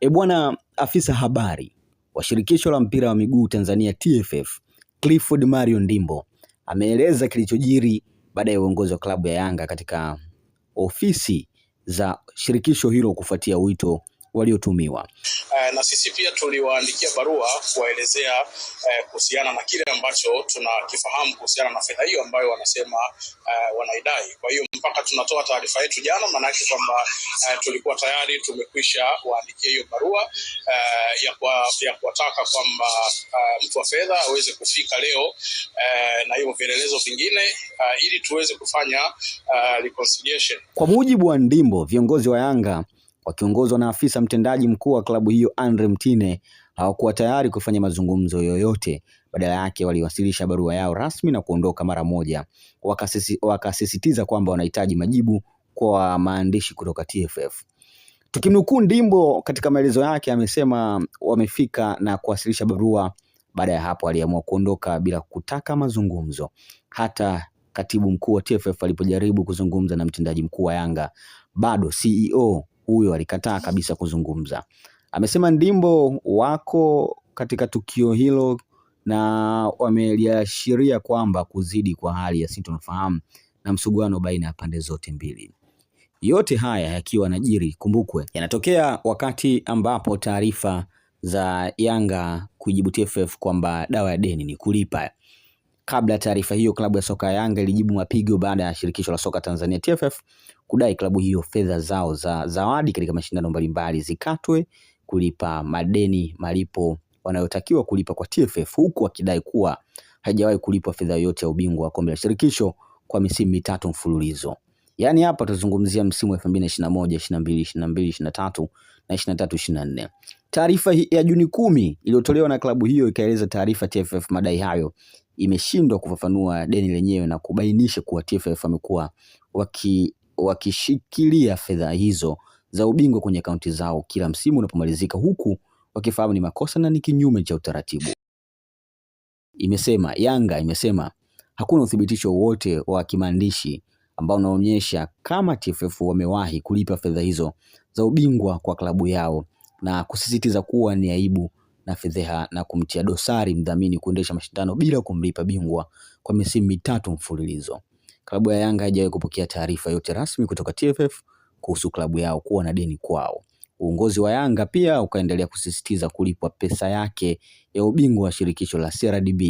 Ebwana, afisa habari wa shirikisho la mpira wa miguu Tanzania TFF Clifford Mario Ndimbo ameeleza kilichojiri baada ya uongozi wa klabu ya Yanga katika ofisi za shirikisho hilo kufuatia wito waliotumiwa. E, na sisi pia tuliwaandikia barua kuwaelezea e, kuhusiana na kile ambacho tunakifahamu kuhusiana na fedha hiyo ambayo wanasema e, wanaidai. Kwa hiyo mpaka tunatoa taarifa yetu jana, maanake kwamba e, tulikuwa tayari tumekwisha waandikia hiyo barua e, ya kuwataka kwamba e, mtu wa fedha aweze kufika leo e, na hivyo vielelezo vingine e, ili tuweze kufanya e, reconciliation. Kwa mujibu wa Ndimbo, viongozi wa Yanga wakiongozwa na afisa mtendaji mkuu wa klabu hiyo Andre Mtine hawakuwa tayari kufanya mazungumzo yoyote. Badala yake waliwasilisha barua yao rasmi na kuondoka mara moja. Wakasisi, wakasisitiza kwamba wanahitaji majibu kwa maandishi kutoka TFF. Tukimnukuu Ndimbo katika maelezo yake, amesema wamefika na kuwasilisha barua. Baada ya hapo, aliamua kuondoka bila kutaka mazungumzo. Hata katibu mkuu wa TFF alipojaribu kuzungumza na mtendaji mkuu wa Yanga, bado CEO huyo alikataa kabisa kuzungumza. Amesema Ndimbo wako katika tukio hilo na wameliashiria kwamba kuzidi kwa hali ya sintofahamu na msuguano baina ya pande zote mbili. Yote haya yakiwa najiri, kumbukwe yanatokea wakati ambapo taarifa za Yanga kujibu TFF kwamba dawa ya deni ni kulipa Kabla ya taarifa hiyo, klabu ya soka ya Yanga ilijibu mapigo baada ya shirikisho la soka Tanzania TFF kudai klabu hiyo fedha zao za zawadi katika mashindano mbalimbali zikatwe kulipa madeni malipo wanayotakiwa kulipa kwa TFF, huku akidai kuwa haijawahi kulipwa fedha yoyote ya ubingwa wa kombe la shirikisho kwa misimu mitatu mfululizo. Yaani hapa tuzungumzia msimu wa 2021, 22, 22, 23 na 23, 24. Taarifa ya Juni kumi iliyotolewa na klabu hiyo ikaeleza taarifa TFF madai hayo imeshindwa kufafanua deni lenyewe na kubainisha kuwa TFF wamekuwa waki, wakishikilia fedha hizo za ubingwa kwenye akaunti zao kila msimu unapomalizika, huku wakifahamu ni makosa na ni kinyume cha utaratibu. Imesema Yanga imesema hakuna uthibitisho wote wa kimaandishi ambao unaonyesha kama TFF wamewahi kulipa fedha hizo za ubingwa kwa klabu yao na kusisitiza kuwa ni aibu na fedheha na kumtia dosari mdhamini kuendesha mashindano bila kumlipa bingwa kwa misimu mitatu mfululizo. Klabu ya Yanga haijawahi kupokea taarifa yote rasmi kutoka TFF kuhusu klabu yao kuwa na deni kwao. Uongozi wa Yanga pia ukaendelea kusisitiza kulipwa pesa yake ya ubingwa wa shirikisho la CRDB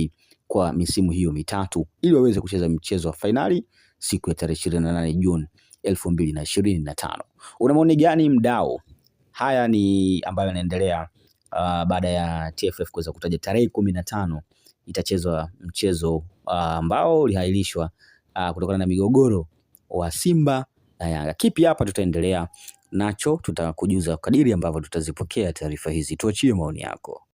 kwa misimu hiyo mitatu ili waweze kucheza mchezo wa fainali siku ya tarehe ishirini na nane Juni elfu mbili na ishirini na tano. Una maoni gani mdao? Haya ni ambayo yanaendelea uh, baada ya TFF kuweza kutaja tarehe kumi na tano itachezwa mchezo uh, ambao uh, ulihairishwa uh, kutokana na migogoro wa Simba na Yanga. Kipi hapa tutaendelea nacho, tutakujuza kadiri ambavyo tutazipokea taarifa hizi. Tuachie maoni yako.